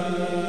Aamiin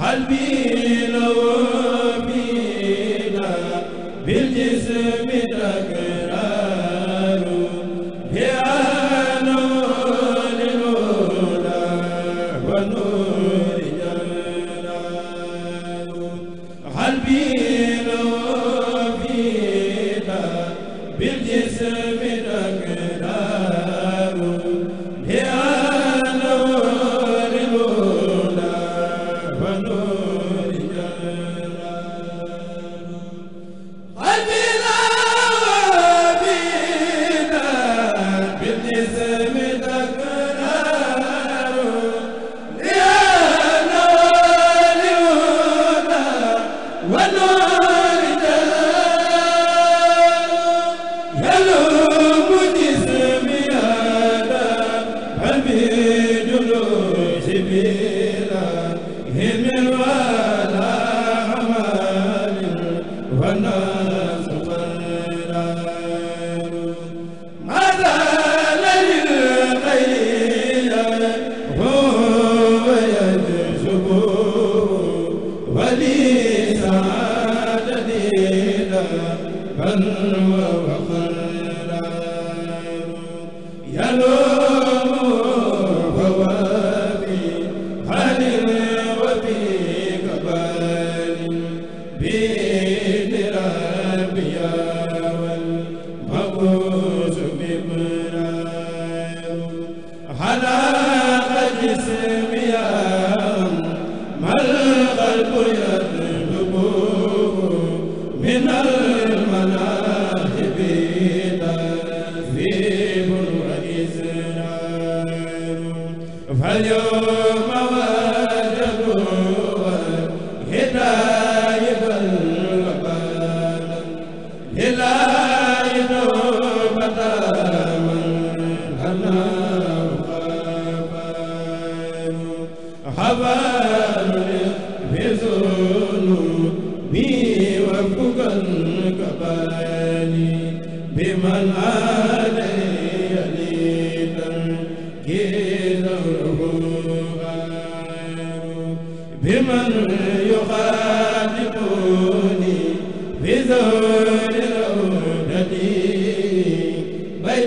qalbi law ban wa bi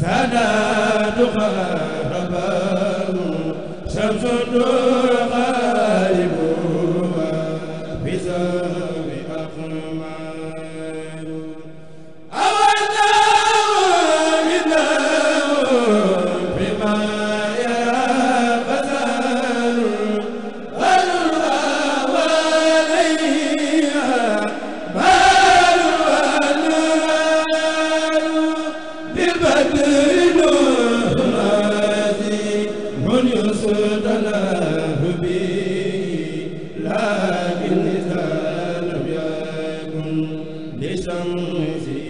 Sadatu xarabanu samsudu الشمس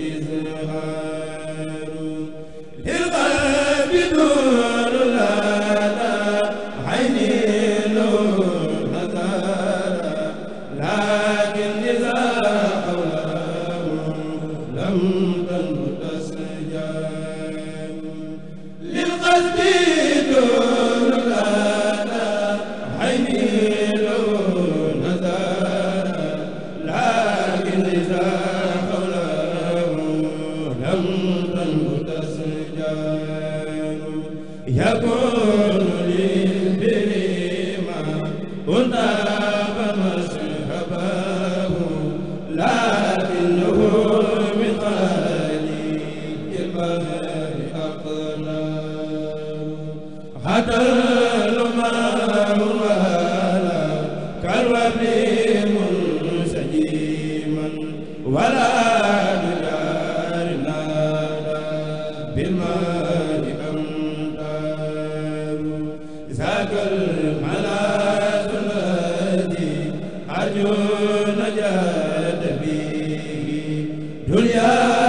duniyaa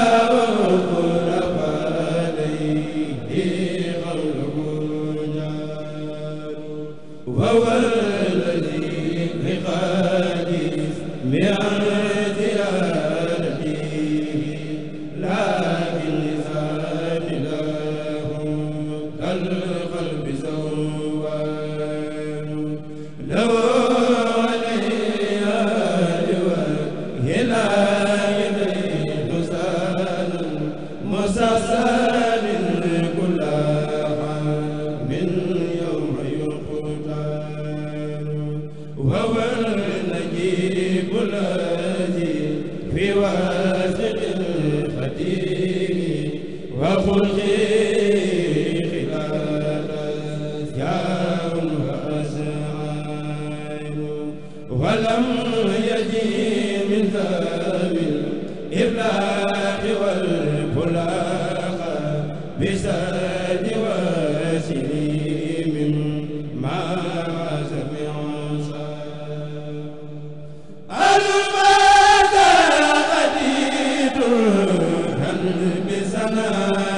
sana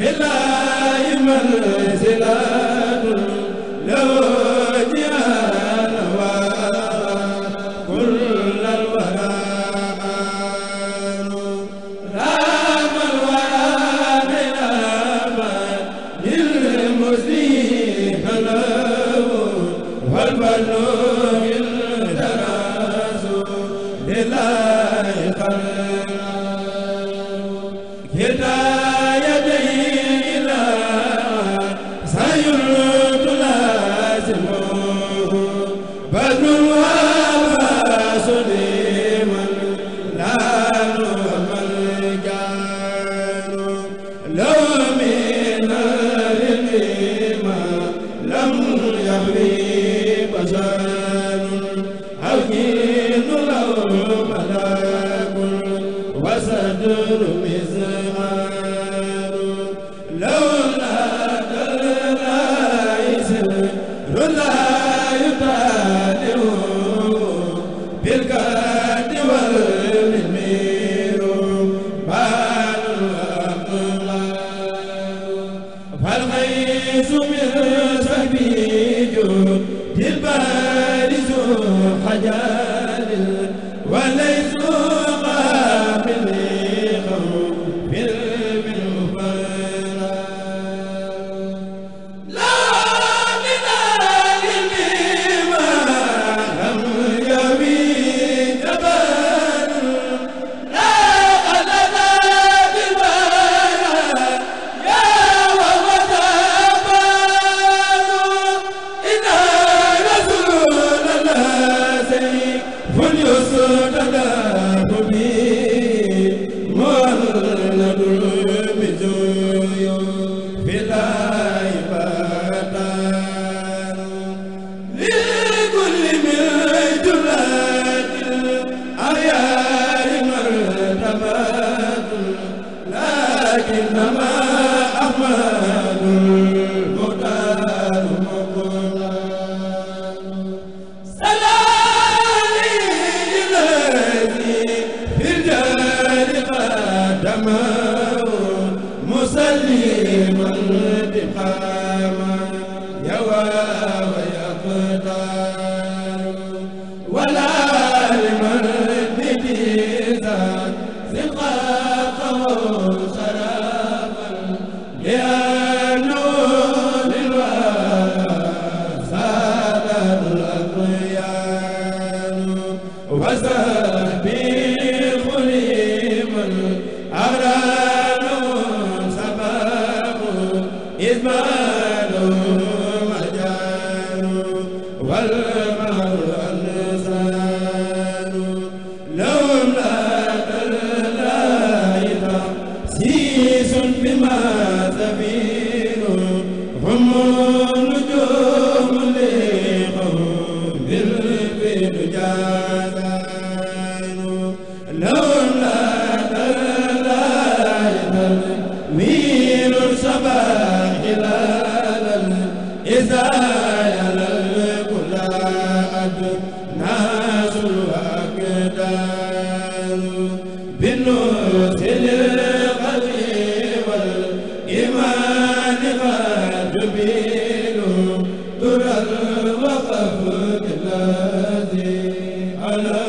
ilaa iman sila العزيز من سبيل البلد ويقدر الذي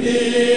ni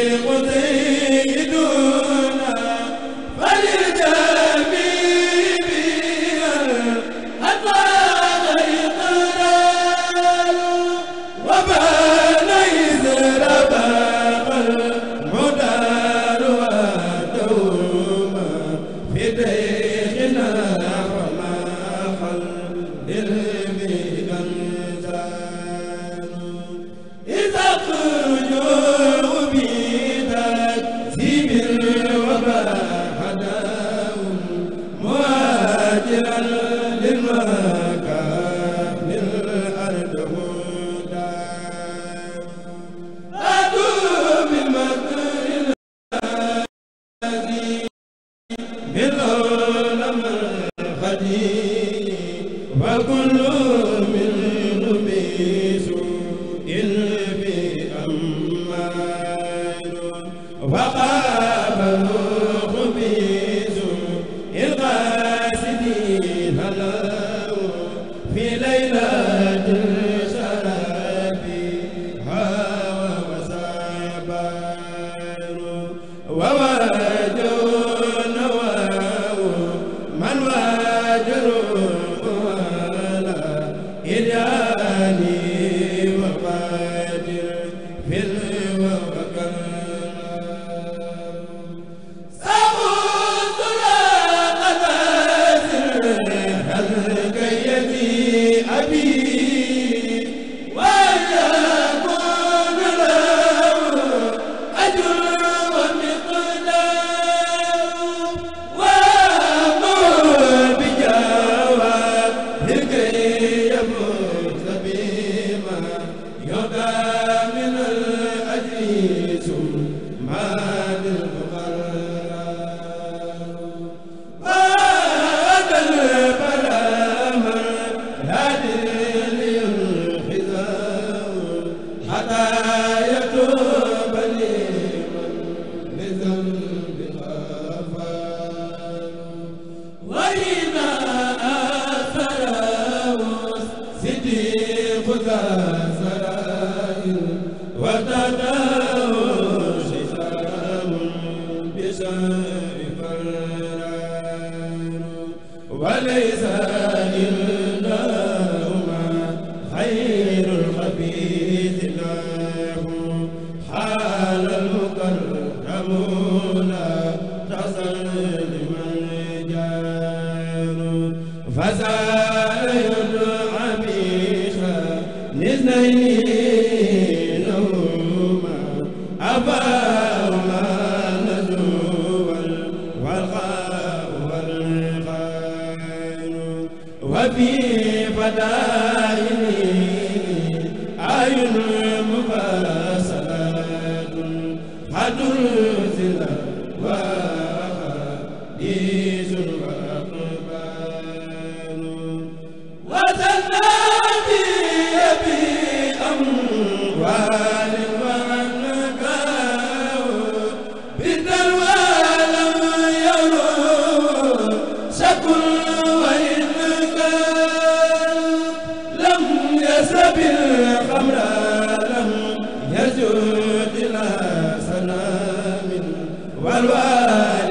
wal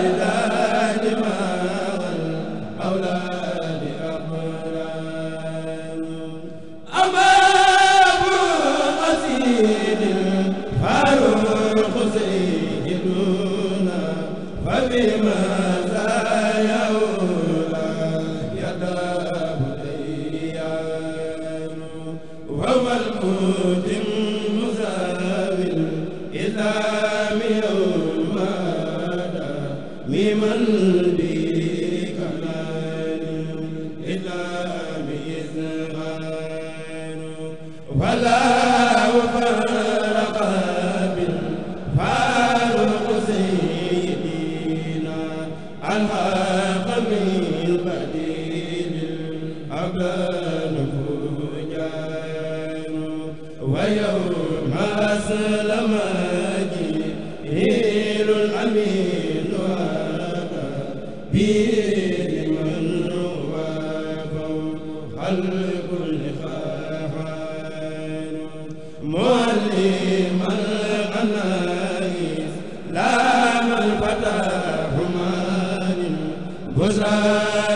wa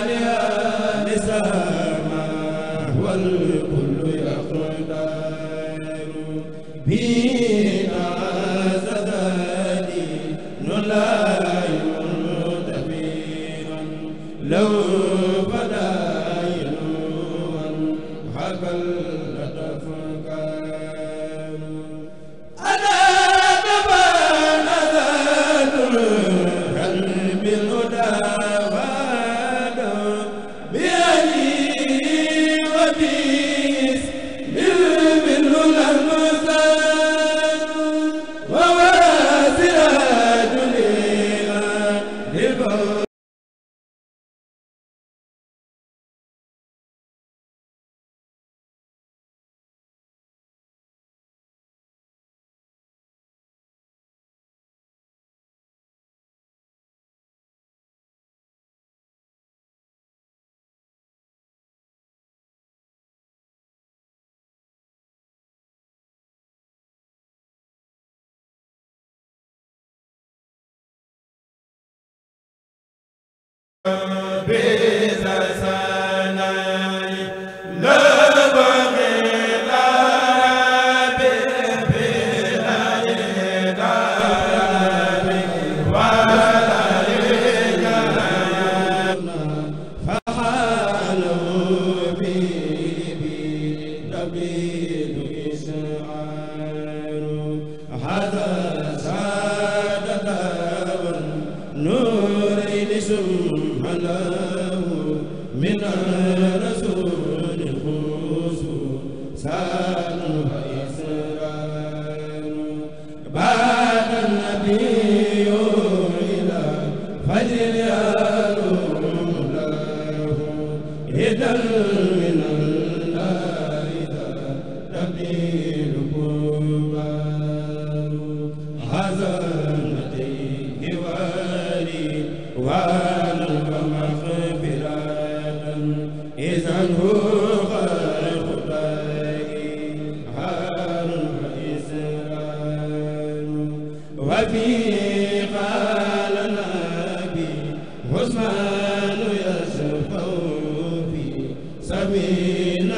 amiin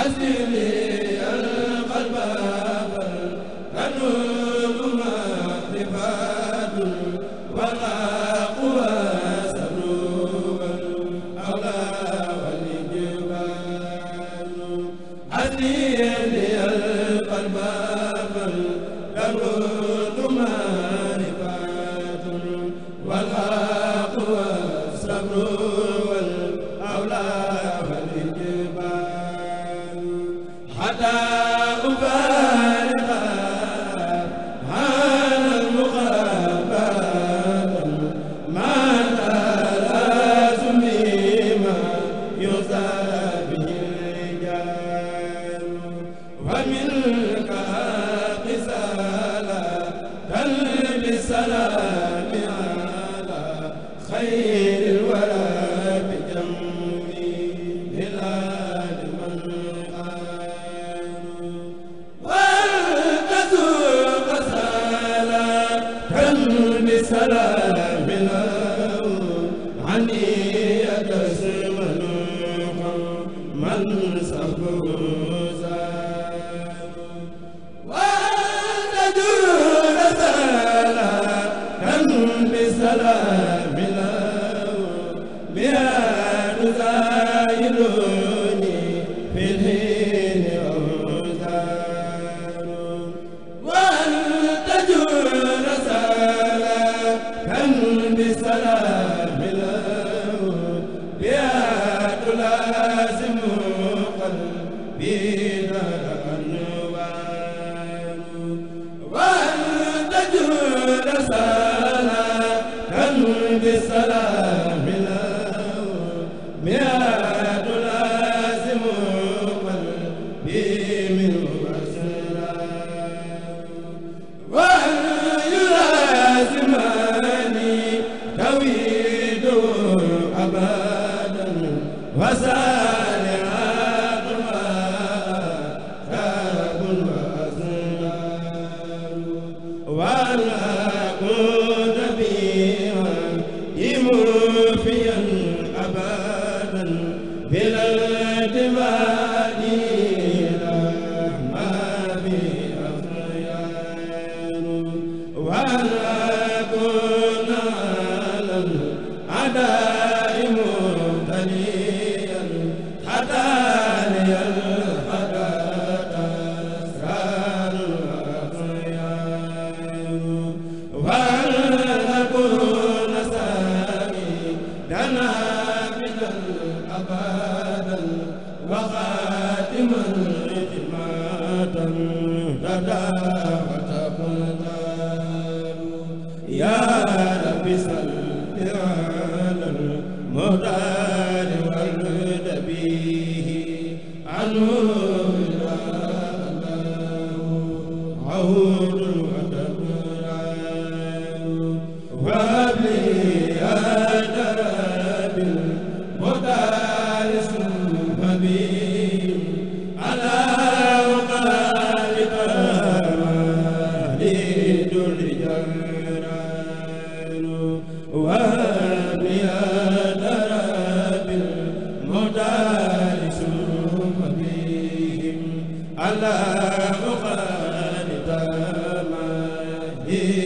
asili ala la به